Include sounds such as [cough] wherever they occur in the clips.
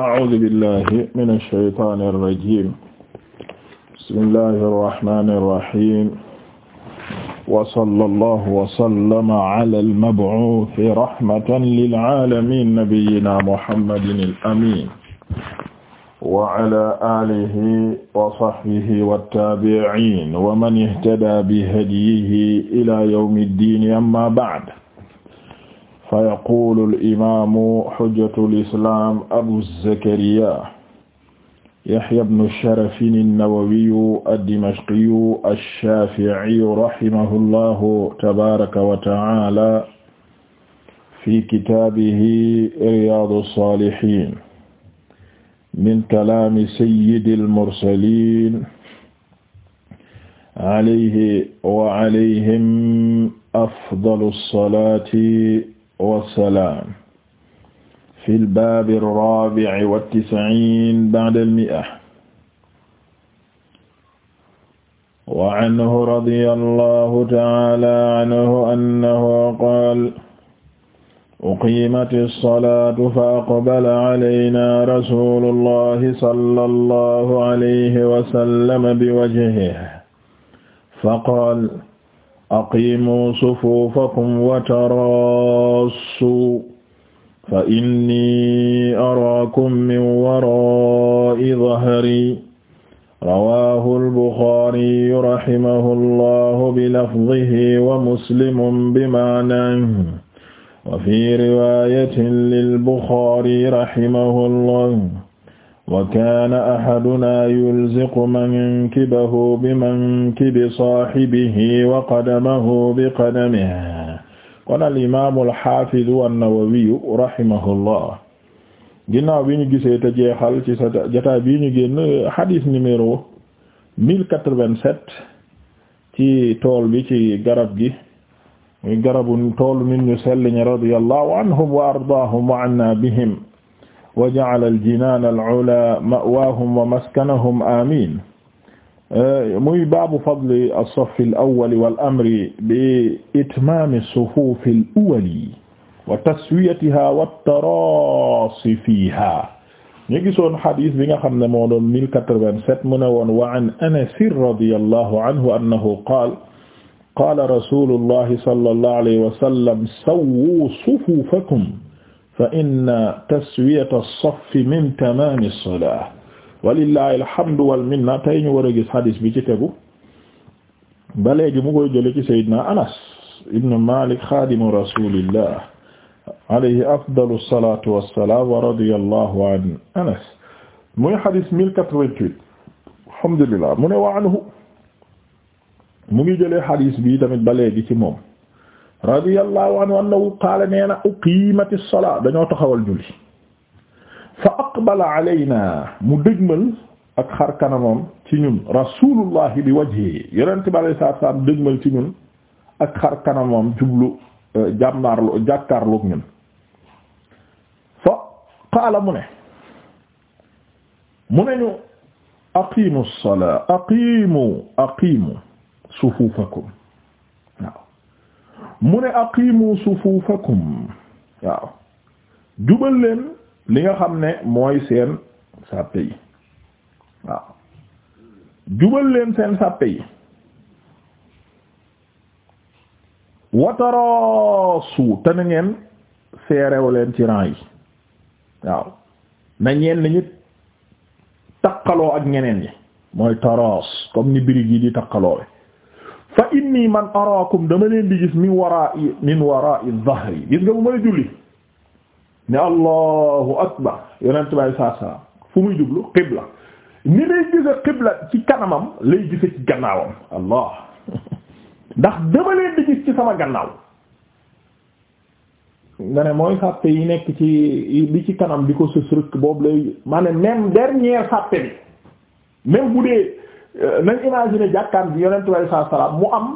أعوذ بالله من الشيطان الرجيم بسم الله الرحمن الرحيم وصلى الله وسلم على المبعوث رحمة للعالمين نبينا محمد الأمين وعلى آله وصحبه والتابعين ومن اهتدى بهديه إلى يوم الدين أما بعد fa yaqulu al'imamu xujjatu lislaam abu zakariya yaxya bnu sharafin annawawiyu addimashqiyu alshaaficiyu rahimahu allahu tabaaraka wa ta'aala fi kitaabihi riyaadu saalihiin min kalaami sayyidil mursaliin alayhi wa alayhim afdalu salaati wassalaam fi lbaabi raabi'i wa tis'iin ba'da al-mi'a wa anhu radiyallahu ta'ala anhu annahu qaala uqiimati salaatu fa aqbala alaynaa rasuulullahi sallallahu alayhi wa sallam biwajhihi fa qaala aqimu sufuufakum wa taraassu fa inni araakum min waraa'i dhahri rawaahu al-Buxaari rahimahullahu bilafzihi wa Muslimun bima'naahu wa fii riwaayatin lil-Buxaari rahimahullahu wa kaana axadunaa yulziqu mankibahu bimankibi saaxibihi wa qadamahu biqadamihi kon al imaamu alxaafidu annawawiyu rahimahullah ginnaaw bi ñu gisee te jeexal ci sa jotaay bi ñu génn xadiis numéro mille quatre-vingt-sept ci tool bi ci garab gi muy garabu toolu nit ñu sell ñi radiyallahu anhum wa ardaahum wa anna bihim wa ja'ala al-jinaan al-'ulaa ma'waahum wa maskanahum amiin muy baabu fadli as-saff al-awwal wal amri bi itmaam as-sufuuf al-awwal wa taswiyatihaa wa at-taraasi fiihaa ñu gisoon xadis bi nga xam ne moo doon 1087 mu ne woon wa 'an Anas radiyallahu anhu annahu qaala qaala rasuulullahi sallallahu alayhi wa sallam sawwuu sufuufakum fa inna taswiyata as-saffi min tamaami as-salaah walillahi alhamdu wal minna tey ñu war a gis hadis bi ci tegu ba léegi mu koy jële ci sayyidina Anas ibn Malik xaadimu rasulillah alayhi afdalu salatu wassalam wa radiyallahu an Anas muy hadis 1088 alhamdulillah mu ne wa anhu mu ngi jëlee hadis bi tamit ba léegi ci moom radiyallahu anhu annahu qaala nee na uqiimati salaa dañoo taxawal julli fa aqbala alaynaa mu dëgmal ak xar kanamam ci ñun rasulullahi bi wajhihi yonent bi alayhi salaatu salaam dëgmal ci ñun ak xar kanamam jublu euh, jàmmaarlu jàkkaarloog ñun fa qaala mu ne mu ne ñu aqiimu salaa aqiimu aqiimu sufuufakum waaw mu ne aqimu sufuufakum waaw jubal leen li nga xam ne mooy seen sàppe yi waaw jubal leen seen sàppe yi wataraasu te na ngeen seerew leen ci rang yi waaw na ñeen ñi takkaloo ak ngeneen yi mooy taraas comme ni birig yi di takkaloo fa inni man araakum dama leen di gis min waraa'i min waraa'i dhahri gis nga bu may julli ne allahu akbar yonent bi sallallahu alayhi wasallam fu muy jublu qibla ni lay gise qibla ci kanamam lay gise ci gannaawam allah [laughs] ndax dama leen di gis ci sama gannaaw nga ne mooy sàppe yi nekk ci bi ci kanam di ko sës boobu lay ma ne même sàppe bi même bu dee Euh, nañ imaginer jàkkaan bi yonent bi saa salaam mu am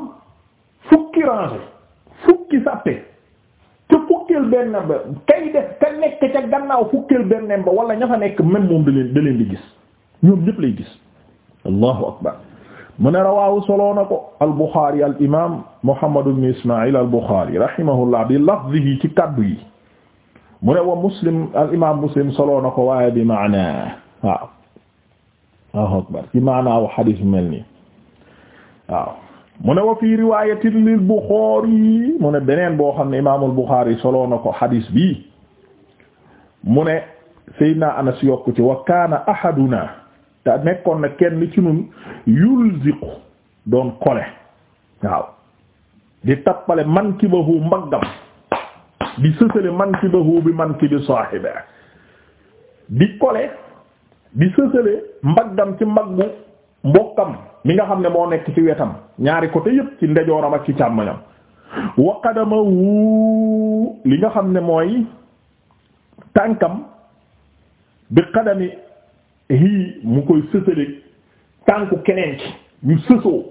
fukki rangé fukki sàppe te fukkeel benn ba kay def ka nekk ca gannaaw fukkeel benn ba wala ña nekk même moom da leen da leen di gis ñoom ñëpp lay gis allahu akbar mu ne rawaahu soloo na ko al-Bukhari al imam Muhammad ibn Isma'il al-Bukhari rahimahullah bi lafzihi ci kaddu yi mu ne wa Muslim al imam Muslim soloo na ko waaye bi maana waaw akbar ci maanaaw xadis mel nii waaw mu ne wa fii riwaayatin lil Buxaari mu ne beneen boo xam ne imaamul Buxaari soloo na ko xadis bi mu ne na Anas yokk ci wa kaana ahaduna te nekkoon na kenn ci ñun yulziqu doon kole waaw di tappale mankibahu mbaggam di sësale mankibahu bi mankibi saahibi di kole di sësale mbaggam ci mbaggu mbokkam li nga xam ne moo nekk ci wetam ñaari côté yépp ci ndejooram ak ci càmmoñam wa qadamahu li nga xam ne mooy tànkam bi qadami hii mu koy sësale tànku keneen ci ñu sësoo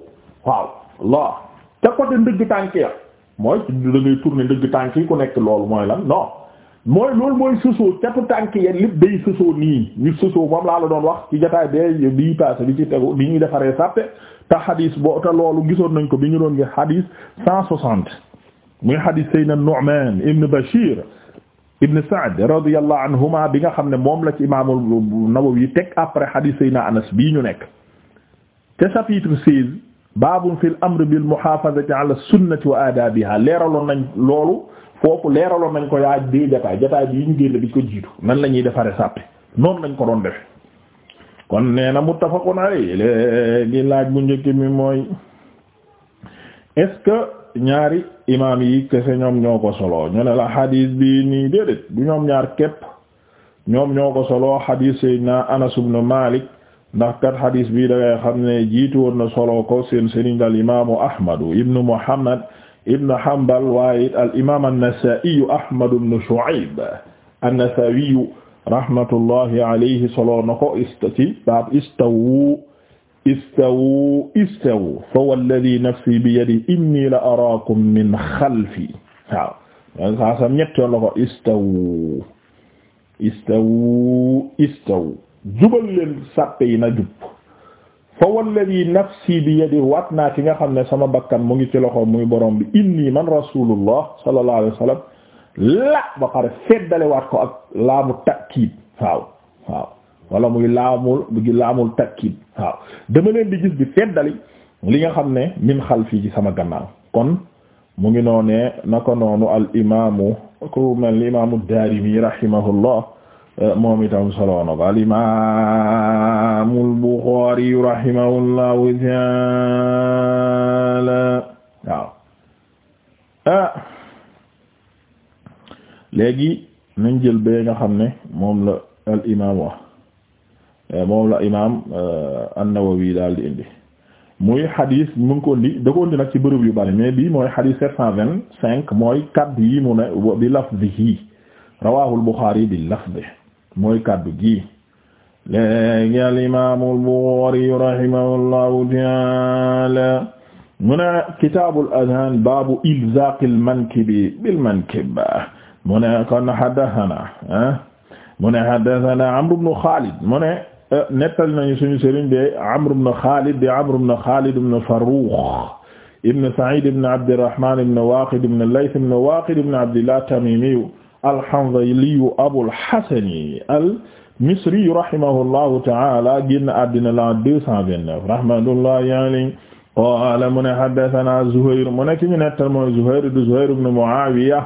waaw Allah te côté ndëgg tànk ya mooy da ngay tourner ndëgg tànk yi ku nekk loolu mooy la non mooy loolu mooy sosoo catu tànk ya lépp day sosoo nii ñu sosoo moom laa la doon wax ci jotaay bee bii passé bi ci tegu bi ñuy defaree sàppe te xadis boo te loolu gisoon nañ ko bi ñu doon ngi xadis cent soixante muy xadis Seydina Nu'man ibn Bashir ibn Sa'd radiyallahu anhuma bi nga xam ne moom la ci imaamul Nawawi teg après xadis Seydina Anas bii ñu nekk ca chapitre seize baabun fil amri bil muhaafazati ala sunnati wa aadaabiha leeraloon nañ loolu foofu leeraloon nañ ko yaa di jataay jataay bi yi ñu génn bi ko jiitu nan lañuy defaree sàppe noonu lañ ko doon defe kon nee na muttafaqun alayhi léegi laaj bu njëkk mi mooy est ñaari imaam yi kese ñoom ñoo ko solo ñu ne la xadiis bi nii déedéet du ñoom ñaar képp ñoom ñoo ko solo xadiis Seydina Anas ibn Malik ndax kat hadis bi da ngay xam ne jiitu woon na solo ko seen sëriñ al imaamu ahmadu ibnu muhammad ibnu hanbal waaye it al imaam an-nasaa'iyu ahmadu ibnu shu'ayb an-nasaa'iyu rahmatullahi alayhi solo na ko istati baab istawu istawu istawu fa walladhi nafsi bi yadihi inni la araakum min xalfi waaw man saa sam ñett yoon la ko istawu istawu istawu jubal leen sàppe yi na jub fa walladi nafsi bi yadi waat naa ki nga xam ne sama bakkan mu ngi ci loxo muy borom bi inni man rasulullah sallallahu alayhi laa la ba pare feddale waat ko ak laamu takkiid waaw waaw wala muy laamul bugi laamul takkiid waaw dama leen di gis di feddali li nga xam ne min xalfii ci sama gannaaw kon mu ngi noonee naka noonu al imaamu ku mel imaamu Daarimi rahimahullah moom itam solo na ko al imaamu al Buxaari rahimahullahu taala waaw ah. léegi nañ jël bee nga xam ne moom la al imaam wax eh, moom la imaam eh, an-Nawawi daal di indi muy xadis mu ko indi da ko nag ci bërëb yu bari mais bi mooy xadis sept cent mooy kaddu yi mu ne bi lafdihi rawaahu al bi lafdihi mooy kàddu gi léegi al imaamu al Buxaari rahimahullahu taala mu ne kitaabul azaan baabu ilzaaqil mankibi bil mankib mu ne kon haddasanaa ah, mu ne haddasanaa Amr ibn Xaalid mu ne eh, nettali nañu suñu sëriñ bi Amr ibn Xaalid di Amr ibn Xaalid ibn Farrux ibn Sa'iid ibn Abdirrahmaan ibn Waaqid ibn Layth ibn Waaqid ibn Abdillah Tamiimiyu al-Hanzali Abul Hasani al-Misri rahimahullahu ta'ala génn àddina la 229 rahmatullahi alayhi qaala mu ne haddathana Zuhayr mu nekk ñu nettal mooy Zuhayr du Zuhayr ibn Mu'awiya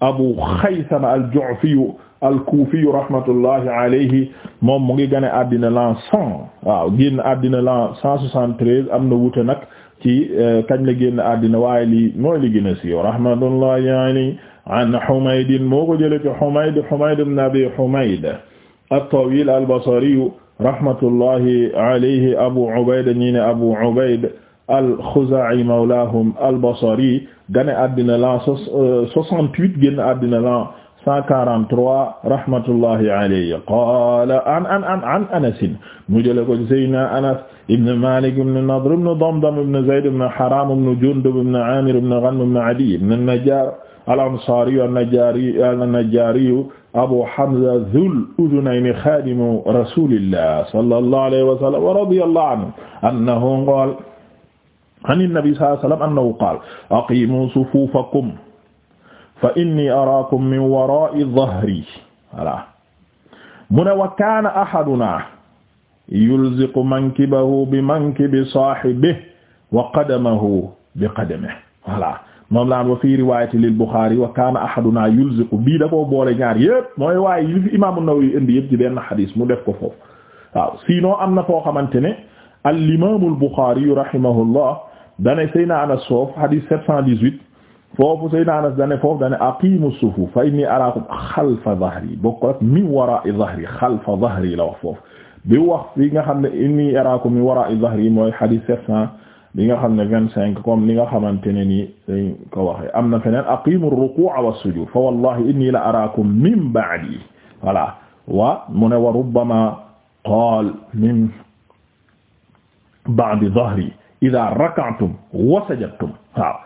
Abu Khaythama al-Ju'fi al-Kufi rahmatullahi alayhi moom mu ngi génn àddina la 100 waaw génn àddina la 173 am na wuute nag ci euh, kañ la génn àddina waaye lii mooy li gën a siiw rahmatullahi alayhi an Humayd moo ko jëlee ci Humayd Humayd ibn Abi Humayd at-Tawil al-Basri rahmatullahi alayhi Abu Ubayd ñi ne Abu Ubayd al-Khuzaa'i mawlaahum al-Basri gane àddina la 68 euh, génn àddina la 143 rahmatullahi alayhi qaala an an an an Anas mu jëlee ko Seydina Anas ibn Malik ibn Nadr ibn Damdam ibn Zayd ibn Haram ibn Jundub ibn Amir ibn Ghanm ibn Adiy ibn an-Najjar al-Ansaari an-Najjaari an-Najjaari Abu Hamza Dhul Udhunayni xaadimu rasuulillah sallallahu alayhi wa sallam wa radiyallahu anhu annahu qaala an an-nabi sallallahu alayhi wa sallam annahu qaala aqiimu sufuufakum fa inni araakum min waraa'i dhahri voilà mu ne wa kaana ahadunaa yulziqu mankibahu bi mankibi saahibihi wa qadamahu bi qadamihi voilà moom laan wa fii riwaayati lil Buxaari wa kaana ahaduna yulziqu bii da koo boole ñaar yëpp mooy waaye li fi imaamu Nawawi indi yëpp ci benn xadis mu def ko foofu waaw sinon am na foo xamante ne al imaamul Buxaari rahimahullah dane Seydina Anas foofu xadis 718 foofu Seydina Anas dane foofu dane aqiimu sufuuf fa innii araakum xalfa dahri bokk ak min waraa'i dahri xalfa dahri la wax foofu bi wax fi nga xam ne innii araakum min waraa'i dahri mooy xadis 700 li nga xam ne vingt cinq comme li nga xamante ne nii dañ am na feneen aqimu ruku'a wa sujud fa wallahi inni la araakum min ba'di voilà wa mu ne wa rubbama qaal min ba'di dhahri idha raka'tum wa sajadtum waaw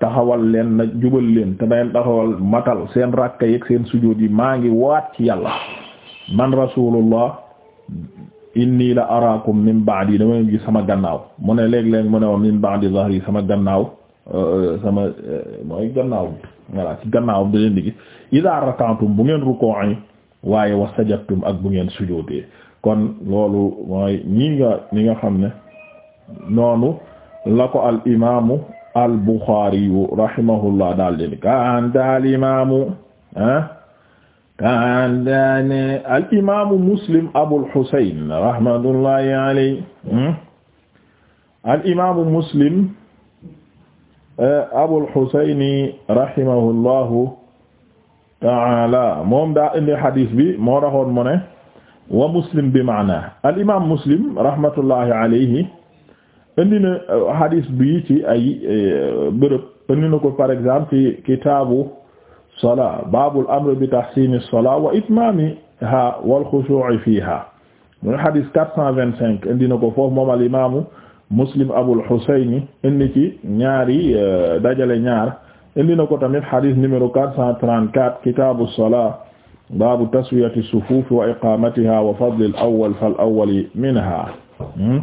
taxawal leen na leen te dangeen seen rakka yeeg seen maa ngi waat ci yàlla man rasulullah inni la araakum min ba'di dama ngi sama gannaaw mu ne léeg-léeg mu ne wa min ba'di zahri sama gannaaw euh, sama euh, mooy gannaaw voilà ci gannaaw da leen di gis idaa raka'tum bu ngeen ruku'i waaye wa sajadtum ak bu ngeen sujootee kon loolu mooy ñi nga ñi nga xam ne noonu la ko al imaamu al daal leen kanta al ah, kandane al imaamu muslim abul husayn rahmatullahi alayhi hmm? al imaamu muslim eh, abul husayn rahimahullahu ta'ala moom daa indi hadis bi moo taxoon mu ne wa muslim bi maana al imaam muslim rahmatullahi alayhi indi na hadis eh, bi ci ay eh, bërëb indi na ko par exemple ci kitaabu salaa baabul amri bi tahsini salaa wa itmaamiha wal xushuu'i fiiha mu ngi xadis 425 indi na ko foofu moom al imaamu muslim abul xusayni indi ci ñaari euh, dajale ñaar indi na ko tamit xadis numéro 434 kitaabu salaa baabu taswiyati sufuuf wa iqaamatiha wa fadlil awwal fal awwali minha hmm?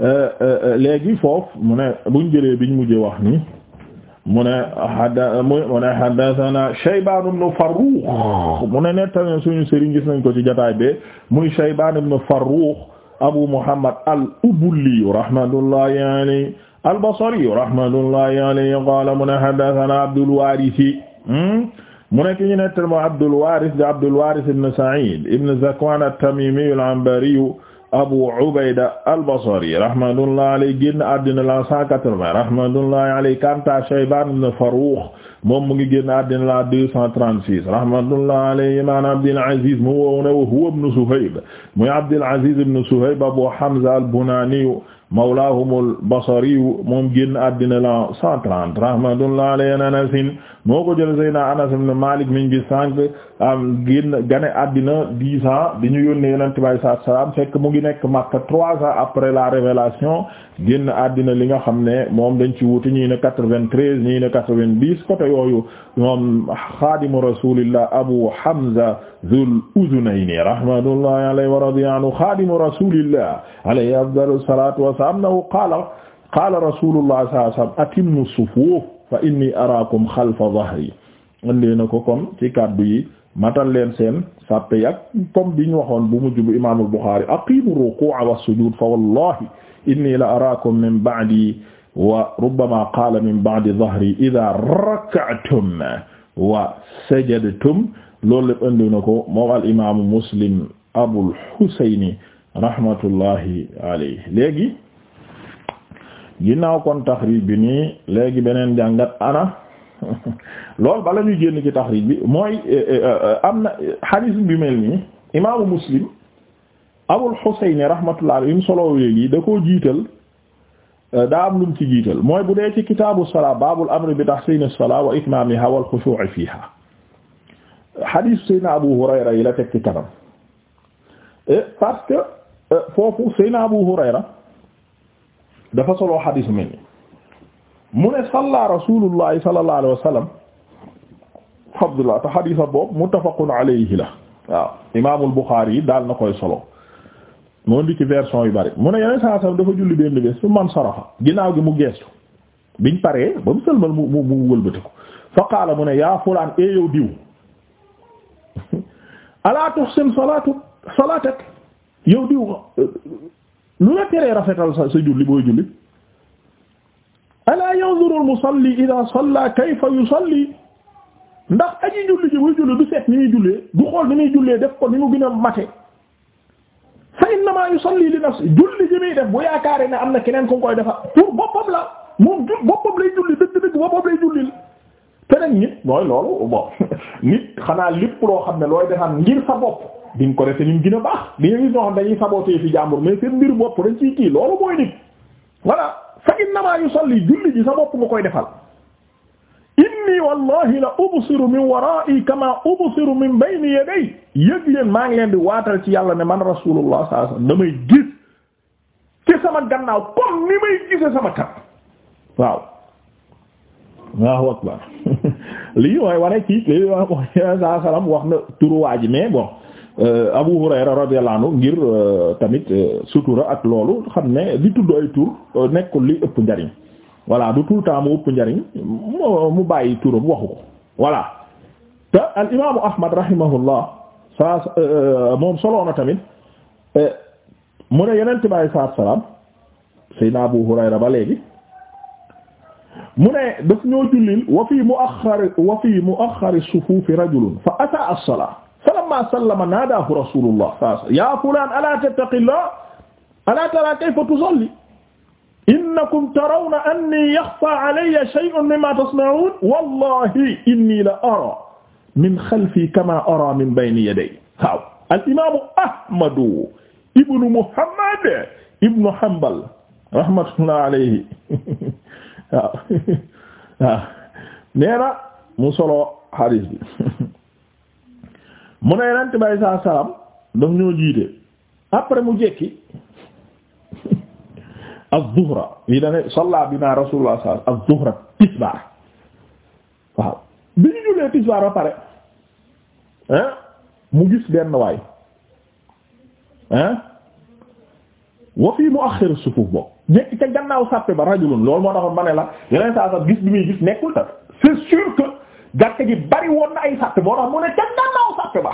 euh, euh, léegi foofu mu ne buñ jëlee biñ mujjee wax nii. mu ne xada mu ne xadathana Shaybaan ibn Farrukh ah. mu ne nettane suñu sëriñ gis nañ ko ci jotaay bi muy Shaybaan ibn Farrukh Abu Muhammad al-Ubulli rahmatullahi alayhi al-Basri rahmatullahi alayhi qaala mu ne xadathana Abdul Waarisi hmm? mu ne ki ñu nettane moo Abdul Waaris di Abdul Waaris ibn Sa'iid ibn Zakwaan at-Tamiimi al-Anbari Abu Ubayda al-Basri rahmatullahi alayhi génn àddina la 180 rahmatullahi alayhi kanta Shaybaan ibn Farrukh moom mu ngi génn àddina la 236 rahmatullahi alayhi man Abdul Aziz mu woowu ne wa huwa ibn Suhayb muy Abdul Aziz ibn Suhayb Abu Hamza al-Bunani mawlaahum al-Basri moom génn àddina la 130 rahmatullahi alayhi moo ko jël Seydina Anas ibn Malik mi ngi sànq am génn gane àddina dix ans di ñu yónnee Yonent bi sallallahu alayhi fekk mu ngi nekk Makka trois ans après la révélation génn àddina li nga xam ne moom dañ ci wuute ñii ne quatre vingt ne quatre vingt yooyu moom xaadimu Rasulillah Abu Hamza Zul Uzunayni rahmatullahi alayhi wa radiya anhu xaadimu Rasulillah alayhi afdalu salaatu wa salaam qaala qaala Rasulullah sallallahu alayhi fa inni araakum xalfa dhahri andee na ko comme ci kàddu yi matal leen seen sàppe yi ak comme bi ñu waxoon bu mujj bu imaamul Buxaari aqimu ruku'a wa sujud fa wallahi inni la araakum min ba'di wa rubbama qaala min ba'di dhahri idha raka'tum wa sajadtum loolu lépp andi na ko moom al imaamu Muslim Abul Husayni rahmatullahi alayhi léegi ginnaaw kon taxrij bi nii léegi beneen jàngat ana [laughs] loolu bala ñuy génn ci taxrij bi mooy eh, eh, eh, am na xadiis bi mel ni imaamu muslim abul xuseyni rahmatullah alayhi mu solo yi da ko jiital daa am lu ci jiital mooy bu dee ci kitaabu salaa baabul amri bi tahsiini salaa wa itmaamihaa wal xushuu'i fiihaa xadiis Seydina Abu Hurayra yi la teg ci parce que foofu Seydina Abu Hurayra dafa soloo xadis bu mel ni mu ne salla rasulullahi sallallahu alayhi wa sallam Abdullah te xadisa boobu muttafaqun alayhi la waaw imaamul Buxaari yi daal na koy solo moo di version yu bari mu ne yeneen saa salam dafa julli benn bés su man sarafa ginnaaw gi mu geestu biñ paree ba mu sëlmal mu mu mu wëlbati ko fa mu ne yaa fulaan ee eh yow diw [laughs] alaa tuhsin salaatu salaatak yow diw lu la teree rafetal sa sa julli booy julli alaa yanzuru al-musalli idaa salla kayfa yusalli ndax aji julli ji buy julli du seet ni muy jullee du xool ni muy jullee def ko ni mu gën a mate fa innamaa yusalli li nafsi julli ji muy def bu yaakaare ne am na keneen ku koy defa pour boppam la moom ju boppam lay julli dëgg-dëgg boppam lay julli te nit mooy loolu bon [laughs] nit xanaa lépp loo xam ne looy defar ngir sa bopp di nga ko defe ni mu gën a baax di nga gis ñoo xam dañuy saboté fi jàmbur mais seen mbir bopp dañ ciy kii loolu mooy nit voilà fa innamaa yusalli julli ji sa bopp nga koy defal inni wallahi la ubsiru min wara'i kama ubsiru min bayni yaday yëg leen maa ngi leen di waatal ci yàlla ne man rasulullah sallallahu alayhi wasallam damay gis ci sama gannaaw comme ni may gise sama kat waaw waaw akbar [laughs] lii mooy wane ci lii mooy sallallahu alayhi wasallam wax na turuwaa ji mais bon Euh, Abu Hurayra radiyallahu anhu ngir euh, tamit euh, sutura ak loolu xam ne di tudd ay tur nekkul li ëpp njariñ voilà du tout le temps mu ëpp njariñ mu bàyyi turam waxu ko voilà te al imaamu Ahmad rahimahullah saa moom solo tamit mu ne yeneen tibaay saa salaam Seydina Abu Hurayra ba léegi mu ne daf ñoo jullil wa fii mu'axxar wa fii mu'axxar as-sufuuf rajulun fa ataa as-salaa falamma sallama naadaahu rasulullah yaa fulaan alaa tattaqillah alaa taraa kayfa tusalli innakum tarawna anni yaxfaa alayya shay'un mimma tasna'uun wallahi inni la araa min xalfii kamaa araa min bayni yadayya waaw al imaamu Ahmadu ibnu Muhammad ibnu Hanbal rahmatullahi alayhi [laughs] waaw [laughs] waaw nee na mu solo hadiis bi [laughs] mu ne yonent bi saa salaam daf ñoo jiite après mu jekki [laughs] az-zuhra yi da ne salla bina rasulullah sallallahu tisbaar waaw bi ñu jullee tisbaar ba pare hein mu gis benn waay hein wa fii mu'akhkhir as-sufuf boobu jekki ca gannaaw sàppe ba rajulun loolu moo taxoon ma la yeneen saa sax gis bi muy gis nekkul ta c'est sûr que jàkka gi bari woon na ay sàppe moo tax mu ne ca gannaaw sàppe ba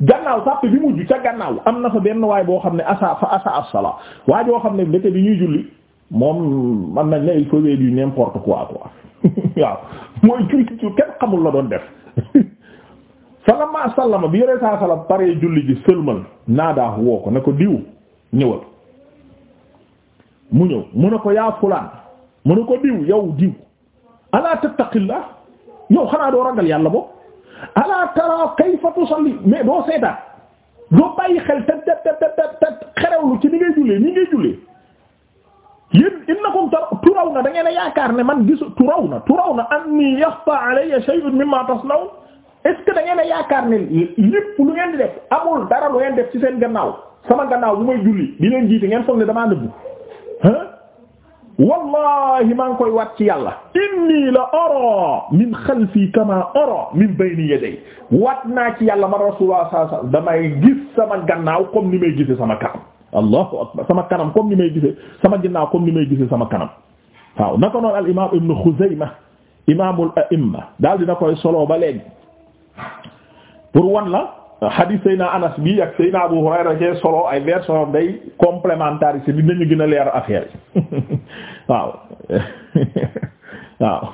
gannaaw sàppe bi mujj ca gannaaw am na fa benn waay boo xam ne asa fa asa as-sala waay xam ne ndeke bi ñuy julli moom man nañ ne il faut du n'importe quoi quoi [laughs] waaw mooy julli ci kenn xamul la doon def salama [laughs] sallama bi yore saa sala pare julli ji sëlmal naadaax woo ko ne ko diw ñëwal mu ñëw mu ne ko yaa fulaan mu ne ko diw yow diw ala la yow xanaa doo ragal yàlla boobu ala tara kayfa tusalli mais doo seetaan doo bàyyi xel te te te te xerewlu ci ni ngay jullee ni ngay jullee yéen innakum turaw na da ngeen a yaakaar ne man gisu turaw na turaw na anni yaxfa alayya shay'un mimma tasnaw est-ce que da ngeen a yaakaar ne lépp lu ngeen di def amul dara lu ngeen def ci seen gannaaw sama gannaaw bu may julli di leen jiite ngeen foog ne damaa nëbbu ah wallahi maa ngi koy wat ci yàlla inni la ara min xalfi kama ara min bayni yaday wat naa ci yàlla man rasulullah sallallahu damay gis sama gannaaw comme ni may gise sama kanam allahu akbar sama kanam comme ni may gise sama comme ni may gise sama kanam waaw naka noonu al imam ibn Khuzaymah imamul a'imma daal dina koy solo ba léegi pour wan la hadith sayna anas bi ak na Abu Hurayra ci solo ay version day complémentarité bi nañu gën a leer affaire yi [laughs] waaw [laughs] waaw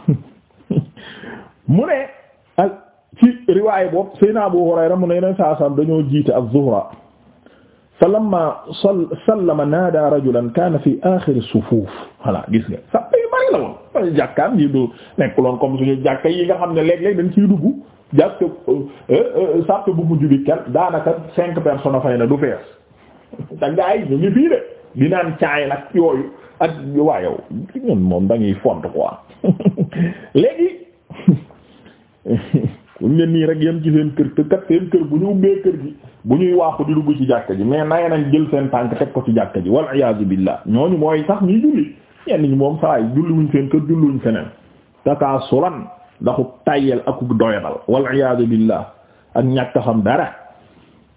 [laughs] mu ne al ci riwaay boobu Seydina Abu Hurayra mu ne yeneen saa dañoo jiite az-zuhra fa lamma sallama naada rajulan kaana fi aaxiri sufuuf voilà gis nga sàpp yu bari la woon jàkkaan yi du nekkuloon comme suñu jàkka yi nga xam ne léeg-léeg dañ ciy dugg jàkk euh, euh, bu daanaka cinq personnes a fay na du fees [laughs] te gaa yi ñu fii de di naan caay yooyu ak waa yow ñun moom dañuy font quoi [laughs] léegi buñ [laughs] leen nii rek yem ci seen kër te kat seen kër bu ñu ubbee kër gi bu ñuy waaxu di dugg ci jàkka ji mais naye nañ jël seen tànk teg ko ci jàkka ji wal iyaazu billah ñooñu mooy sax ñuy julli ñenn ñi moom saa yi julliwuñ seen kër julliwuñ feneen takaa sulan ndaxu tayel akuk doyadal wal iyaazu billah ak ñàkk xam dara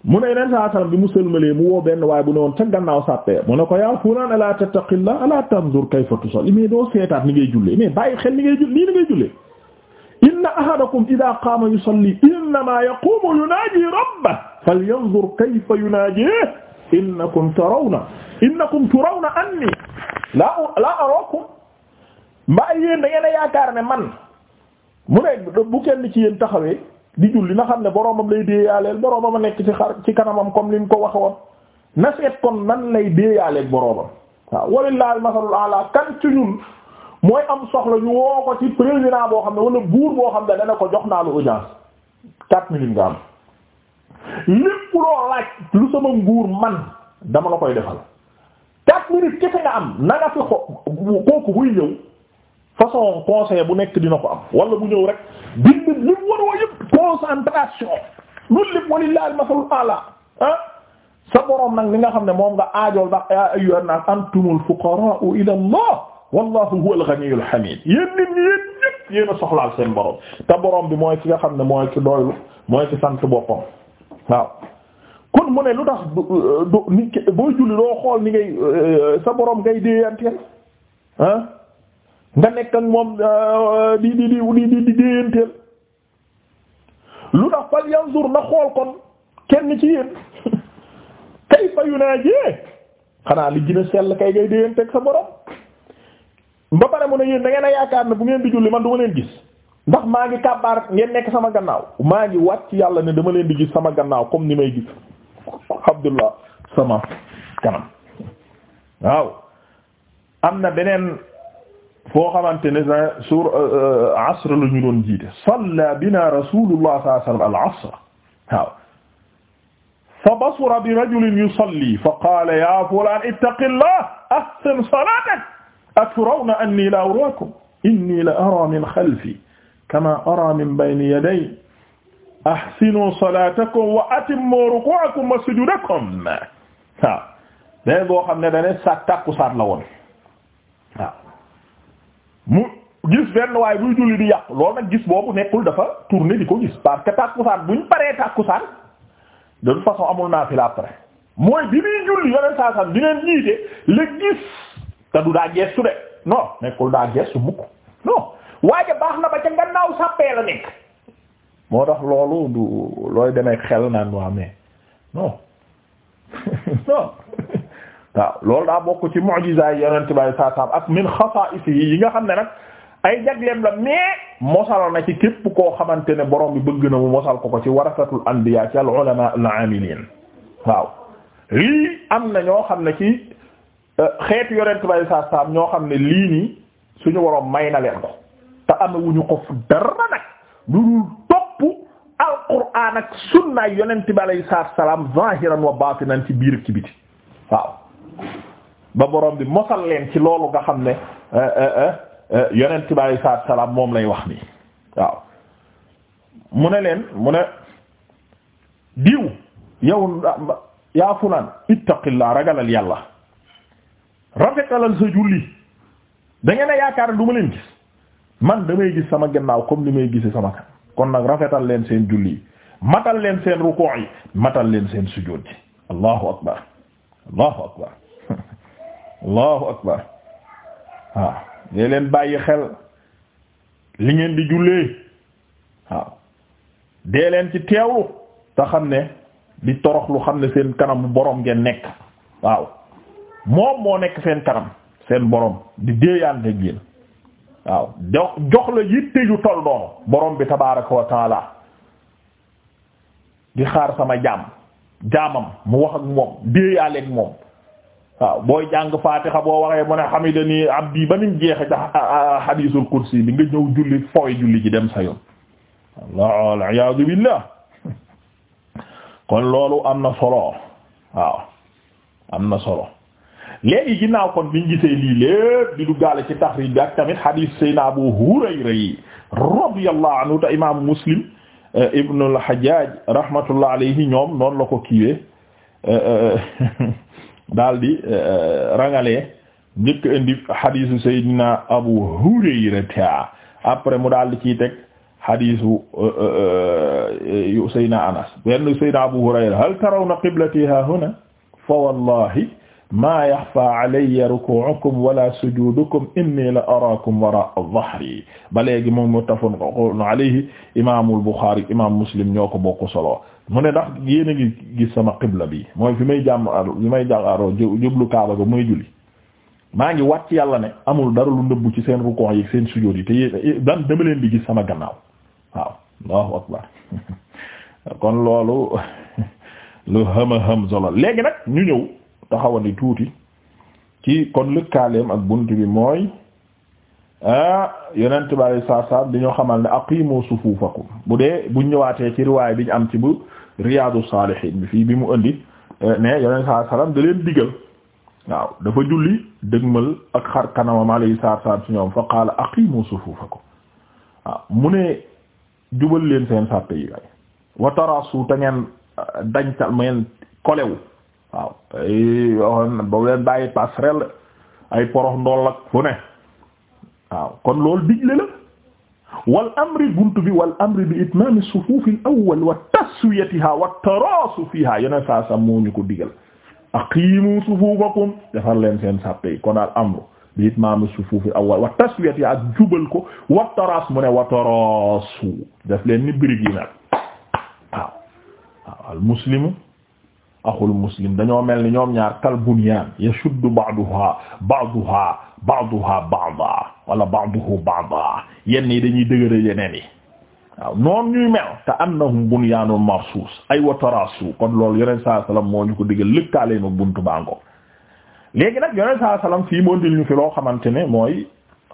mu ne yeneen saa salaam bi mu sëlmalee mu woo benn waaye bu ne woon ca gannaaw sàppee mu ne ko yaa fulaan alaa tattaqillah alaa tanzur kayfa tusalli mais doo seetaat ni ngay jullee mais bàyyi xel ni ngay jull nii ahadakum idaa qaama yusalli innamaa yaquumu yunaaji rabbahu falyanzur kayfa yunaajihi innakum tarawna innakum tarawna annii laa laa araakum mbaa yéen da ngeen a yaakaar ne man mu ne bu kenn ci yéen taxawee di julli na xam ne boroomam lay déeyaaleel boroomam a nekk ci xar ci kanamam comme ni mu ko waxe na seet kon nan lay déeyaaleeg boroomam waaw walillahi masalul ala kan ci ñun mooy am soxla ñu woo ko ci président boo xam ne wala buur boo xam ne dana ko jox naa lu audience quatre minutes nga am lépp loo laaj lu sama nguur man dama la koy defal quatre minutes kese nga am na fi xo kooku buy ñëw façon conseil bu nekk dina ko am wala bu ñëw rek bind li mu waroo yëpp concentration loolu lépp walillahi al-masalul a'la ah sa boroom nag li nga xam ne moom nga aajool ndax ya ayyuhan nas antumul fuqara'u ila Allah wallahu huwal ghaniyyul hamid yéen nit ñi yéen ñëpp yéen a soxlaal sen boroom te boroom bi mooy ki nga xam ne mooy ci doylu mooy ki sant boppam waaw mu ne lu tax du nit ki booy julli euh, ah nga nekk ak moom euh, euh, di di di di di déyanteel lu tax fal yanzur na xool kon kenn ci yéen [laughs] kayfa yunaajee xanaa li gën a sell kay ngay déyanteeg sa borom ba pare mu ne yéen da ngeen a yaakaar ne bu ngeen di julli man du ma leen gis ndax maa ngi kàbbaar ngeen nekk sama gannaaw maa ngi wàcc yàlla ne dama leen di gis sama gannaaw comme ni may gis Abdullah sama kanam waaw am na beneen. foo xamante ne da sur euh, euh, asr la ñu doon jiite salla bina rasulullah sallallahu alayhi wasallam al asr waaw fa basura bi rajulin yusalli fa qaala ya fulan ittaqillah ahsin salatak aturawna anni la araakum inni la ara min xalfi kama ara min bayni yaday ahsinu salatakum wa atimmu ruku'akum wa sujudakum waaw boo xam ne dane sa takku saat la woon mu gis benn waaye buy julli di yàq loolu nag gis boobu nekkul dafa tourner di ko gis parce que tàkkusaan buñ paree tàkkusaan de toute façon amul naafila après mooy bi muy julli yeneen saa san di ngeen jiite la gis te du daa gestu de non nekkul daa gestu mukk non waaye baax na ba ca gannaaw sàppee la nekk moo tax loolu du looy demee xel naan waa mais non [laughs] non waaw loolu daa bokk ci mu'jizaay yonent bi saa saam ak min xasaa'is yi nga xam ne nag ay jagleem la mais mosal na ci képp koo xamante ne borom bi bëgg na mu mosal ko ko ci warasatul anbiya ci al ulama al amilin waaw lii am na ñoo xam ne ci euh, xeetu yonent bi saa saam ñoo xam ne lii nii suñu waroon may na leen ko te amewuñu ko fu dara nag lu dul topp al quraan ak sunnaay yonent bi saa salaam zahiran wa baatinan ci biir ci biti waaw. ba boroom bi mosal leen ci loolu nga xam ne euh, euh, euh, yonent bi saa salaatu salaam moom lay wax nii waaw mu ne leen mu ne diw yow yaa fulaan ittaqillah ragalal yàlla rafetalal sa julli da ngeen a yaakaar du ma leen gis man damay gis sama gannaaw comme ni may gise sama kan kon nag rafetal leen seen julli yi matal leen seen ruku' yi matal leen seen sujjóot yi allahu akbar allahu akbar [laughs] allahu akbar waaw dee leen bàyyi xel li ngeen di jullee waaw dee leen ci teewlu te xam ne di torox lu xam ne seen kanam borom ngeen nekk waaw moom moo nekk seen kanam seen borom di déeyante génn waaw jox jox la yitte yu tol noonu borom bi tabaaraka wa di xaar sama jaam jaamam mu wax ak moom déeyaaleeg moom waaw booy jàng faatixa boo waxee mu ne hamidani abdi ba nim jeexe ca hadiisul kursi bi nga ñëw julli fooy julli ji dem sa yoon allah al-iyaadu billah kon loolu am na solo waaw am na solo léegi ginnaaw kon biñ gisee lii lépp di duggaale ci taxriij bi ak tamit hadis sayna Abu Hurayra yi radiyallahu anhu te imaamu Muslim eh, ibn al-Hajjaj rahmatullah ñoom noonu la ko kiiwee eh, eh, [laughs] daal di eh, eh, rangalee njëkk indi xadisu Seydina Abu Hurayrata après mu daal di ciy teg xadisu eh, Seydina Anas benn Seydina Abu Hurayra hal tarawna qiblati ha huna fa wallahi ma yaxfa alayya ruku'ukum wala sujudukum inni la araakum wara dhahri ba léegi moom muttafaqun alayhi imaamul Buxaari imaam Muslim ñoo ko bokk solo mu ne ndax yéen a ngi gis sama qibla bi mooy fi may jàmm aro fi may jàmm ar jublu kaaba ga muy julli maa ngi wàcc yàlla ne amul dara lu nëbbu ci seen rukon yi seen sujóot yi te yéen daan dama leen bi gis sama gannaaw waaw Allahu akbar [laughs] kon loolu [laughs] lu hama ham solo léegi nag ñu ñëw ni tuuti ci kon lëkkaaleem ak bunt bi mooy ah yonent bi saa saa di ñoo xamal ne su sufufakum bu dee bu ñëwaatee ci riwaay bi am ci bu riyaadu saalihiin bi fii bi mu indi eh, ne yoneen saa da leen digal waaw dafa julli dëgmal ak xar kanamam alayhi salaam si ñoom fa qaala aqiimu sufuufakum waaw mu ne jubal leen seen sàppe yi waay wa tarasu te ngeen eh, ngeen kolewu waaw ay boobu leen bàyyi passerelle ay porox ndool ak fu ne waaw kon loolu digle la wal amri buntu bi wal amri bi itmaam as-sufuuf al-awwal wa taswiyatihaa wa taraasu fiihaa yeneen saa sam moo ñu ko digal aqiimu sufuufakum defar leen seen sàppe yi kon al amru bi itmaam as-sufuuf al-awwal wa taswiyatihaa ak jubal ko wa taraas mu ne wa taraasu def leen ni birig yi nag waaw waaw al muslimu axul muslim dañoo mel ni ñoom ñaar kal bunyan yashuddu ba'duha ba'duha ba'duha ba'da wala ba'duhu ba'da yenn yi dañuy dëgëre yeneen yi waaw noonu ñuy mel te annahum bunyanun marsus ay wa tarasu kon loolu yonent saa sallam moo ñu ko diggal lëkkaale ma buntu bango léegi nag yonent saa sallam fii moo dil ñu fi loo xamante ne mooy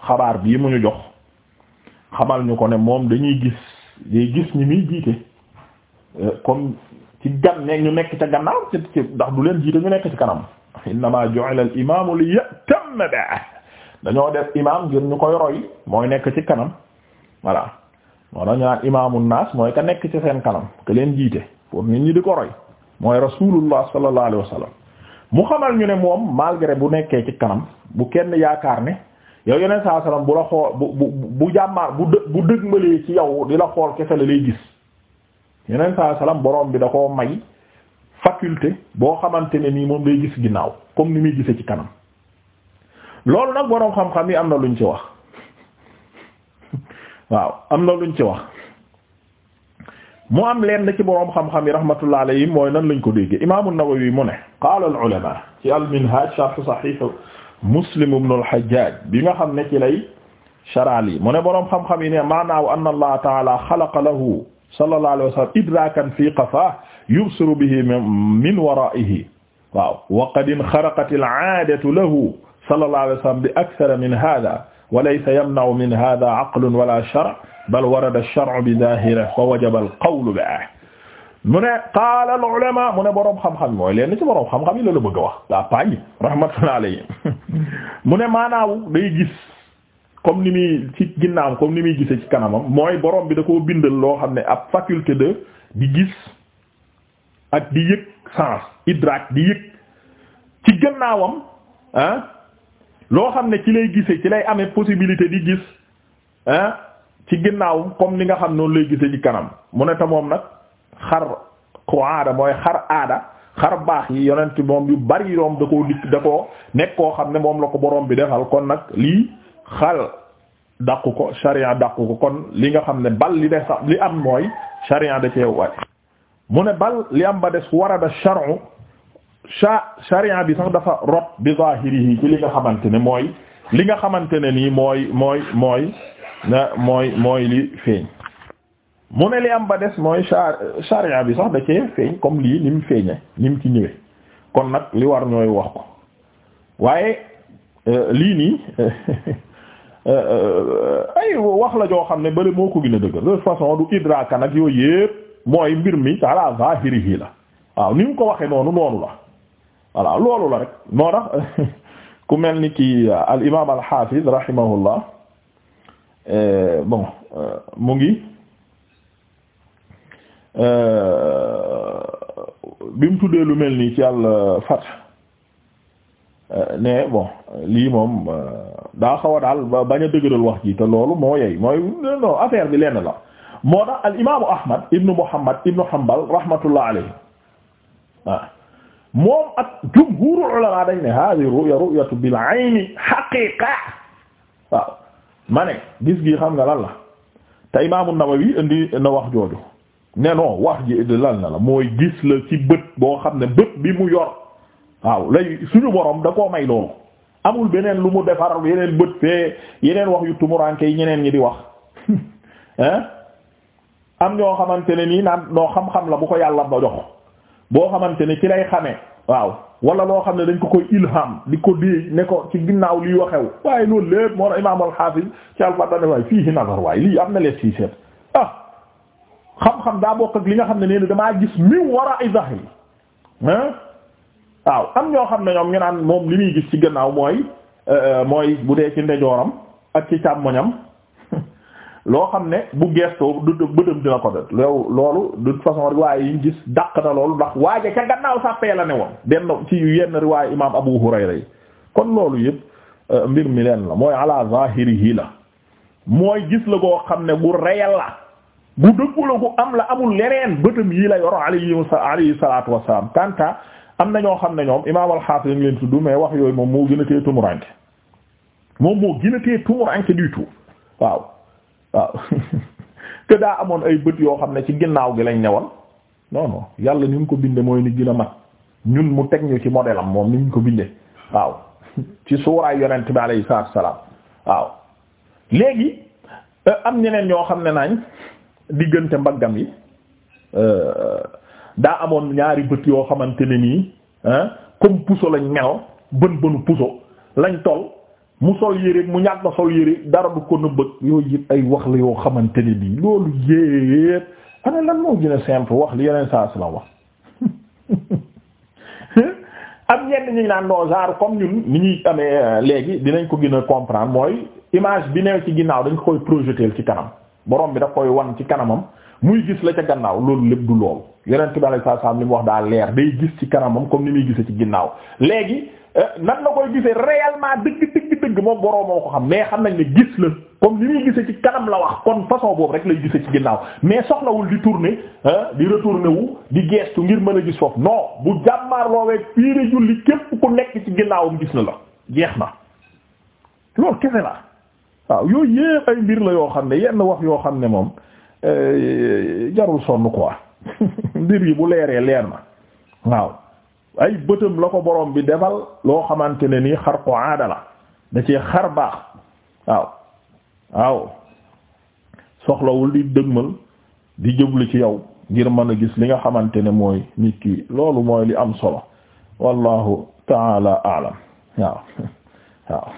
xabaar bii mu ñu jox xamal ñu ko ne moom dañuy gis day gis ñi muy jiite euh, comme ci gan ne ñu nekk ca gannaaw ci ci ndax du leen jiite ñu nekk ci kanam innama ju'ila al imamu li yatamma bihi dañoo def imam ngir ñu koy roy mooy nekk ci kanam voilà moo dañu naan imamun nas mooy ka nekk ci seen kanam ke leen jiite pour nit ñi di ko roy mooy rasulullah sallallahu alayhi wasallam mu xamal ñu ne moom malgré bu nekkee ci kanam bu kenn yaakaar ne yow yeneen saa salaam bu la xool bu bu bu jàmmaar bu bu dëgmalee ci yow di la xool kese la lay yeneen saa salaam borom bi da koo may faculté boo xamante ne nii moom lay gis ginnaaw comme ni muy gisee ci kanam loolu nag boroom xam-xam yi am na luñ ci wax [laughs] waaw am na luñ ci wax mu am lenn ci borom xam-xam yi rahmatullah alayhim mooy nan lañ ko déggee imaam an-Nawawi mu ne qaala al-ulamaa ci al-Minhaaj sharh Sahih bi nga xam ne ci lay yi mu ne boroom xam-xam yi ne maanaaw anna Allah ta'ala xalaqa lahu sallallahu alayhi wa sallam idrakan fi qafa yubsiru bihi min waraihi waaw wa qad inxaraqat al-aadatu lahu sallallahu alayhi wa sallam bi akthara min hada wa laysa yamna'u min hada aqlun wala shar' bal warada ash-shar'u bi dhahirihi fa wajaba al-qawlu bihi mu ne qaala al-ulamaa mu ne boroom xam-xam mooy leen ci boroom xam-xam yi la la bëgg a wax la pañ rahmatullahi alayhi [laughs] mu ne maanaaw day gis comme ni muy ci ginnaawam comme ni muy gisee ci kanamam mooy borom bi da koo bindal loo xam ne ab faculté de di gis ak di yëg sens idrak di yëg ci gannaawam ah loo xam ne ci lay gisee ci lay amee possibilité di gis ci ginnaaw comme ni nga xam noonu lay gisee ci kanam mu ne te moom nag xar ko aada mooy xar aada xar baax yi yonent moom yu bari yoom da koo dikk da koo nekk xam ne moom la ko borom bi defal kon nag lii xal daqu ko sharia dàqu ko kon li nga xam ne bal li des li am mooy sharia da cee waay mu ne bal li am ba des warada shar'u sha sharia bi sax dafa rot bi zahirihi ci li nga xamante ne mooy li nga xamante ne nii mooy mooy mooy mooy mooy li feeñ mu ne li am ba des mooy sharia bi sax da cee feeñ comme lii ni mu feeñe ni ci ñëwee kon nag li war ñooy wax ko waaye euh, lii nii [laughs] Euh, euh, euh, ay wax la joo xam ne bëri moo ko gën a dëgër façon du idraaka nag yooyu yëpp mooy mbir mi ala zahirihi la waaw ni ko waxee noonu noonu la voilà loolu rek noo [laughs] ku mel ni ki al imaam al hafiz rahimahullah bon mu ngi bi mu tuddee lu mel ni ci al fath ne bon lii moom euh, daa xaw a daal bañ a dëgëral wax ji te loolu moo yey mooy non affaire bi lenn la moo tax al imaamu Ahmad ibnu Muhammad ibnu Hanbal rahmatullah alayhi moom ak jumhuurul ulamaa dañ ne hadi ru'ya ru'yatu bil ayni haqiqa ma ne gis gi xam nga lan la te imaamu Nawawi indi na wax jooju ne non wax ji lan na la mooy gis la ci bët boo xam ne bët bi mu yor waaw lay suñu borom da koo may loolu amul beneen lu mu defar yeneen bët fee yeneen wax yu tumuranke yi ñeneen ñi di wax [laughs] hein am ñoo xamante ne nii naan noo xam-xam la bu ko yàlla ba dox boo xamante ne ci lay xamee waaw wala loo xam ne dañ ko koy ilham di ko déey ne ko ci ginnaaw liy waxew waaye loolu lépp moo tax imaam al-Hafiz ci alfadane waaye fii hi nazar waaye lii am na lees fii seet ah xam-xam daa bokk ak li nga xam ne nee n damaa gis mi wara ay zahir waaw am ñoo xam ne ñoom ñu naan moom li muy gis ci gannaaw mooy euh, mooy bu dee ci ndejooram ak ci càmmoñam [laughs] loo xam ne bu gestoo du bëtam dina ko def loolu du toute façon riwaay yi ñu gis dàq na loolu ndax waaja ca gannaaw sàppee la ne woon benn ci yenn riwaay imaam Abu Hurayra yi kon loolu yëpp euh, mbir mi leen la mooy ala zahirihi la mooy gis la koo xam ne bu reyal la bu dëggu la bu am la amul leneen bëtam yi la yoro alayhi salaatu wassalaam kanta am na ñoo xam ne ñoom imaam al-Hafiz ngi leen tudd mais wax yooyu moom moo gën a téye tumuranke moom moo gën a téye tumuranke waaw waaw te [laughs] daa amoon ay bët yoo xam ne ci ginnaaw gi lañ ñëwal non non yàlla ni mu ko binde mooy ni gën a mat ñun mu teg ñu ci modèle moom ni mu ko binde waaw [laughs] ci suuraay yonent bi alayhi salaatu salaam waaw léegi euh, am ñeneen ñoo xam ne nañ diggante mbaggam yi. Euh, daa amoon ñaari bët yoo xamante ne nii comme puso lañ mel bën bënu puso lañ tol mu sol yére mu ñàkk a sol yére dara du ko nëbbëg yooyu yëpp ay wax la yoo xamante ne nii loolu yépp ana lan moo gën a simple wax li yeneen saa si la wax [laughs] am ñenn ñi naan non genre comme ñun ni ñuy amee euh, léegi dinañ ko gën a comprendre mooy image bi neew ci ginnaaw dañ ko koy projeter ci kanam borom bi daf koy wan ci kanamam muy gis la ca gannaaw loolu lépp du loolu yonent bi alayhi salaam li mu wax daa leer day gis ci kanamam comme ni muy gisee ci ginnaaw léegi euh, nan la koy gisee réellement dëgg dëgg dëgg moom borom ko xam mais xam nañ ne gis la comme ni muy gisee ci kanam la wax kon façon boobu rek lay gisee ci ginnaaw mais soxlawul di tourner di retourner wu di geestu ngir mën a gis foofu non bu jàmmaarloowee piire julli képp ku nekk ci ginnaawam gis na la jeex na la waaw yooyu mbir la yoo xam ne yenn wax yoo xam ne moom. Euh, jarul sonn quoi [laughs] mbir yi bu leeree leer na waaw ay bëtam la ko borom bi defal loo xamante ne nii xar ko aada la da ci xar baax waaw waaw soxlawul di dëgmal di jëblu ci yow ngir mën a gis li nga xamante ne mooy nit ki loolu mooy li am solo wallahu taala alam waaw [laughs] waaw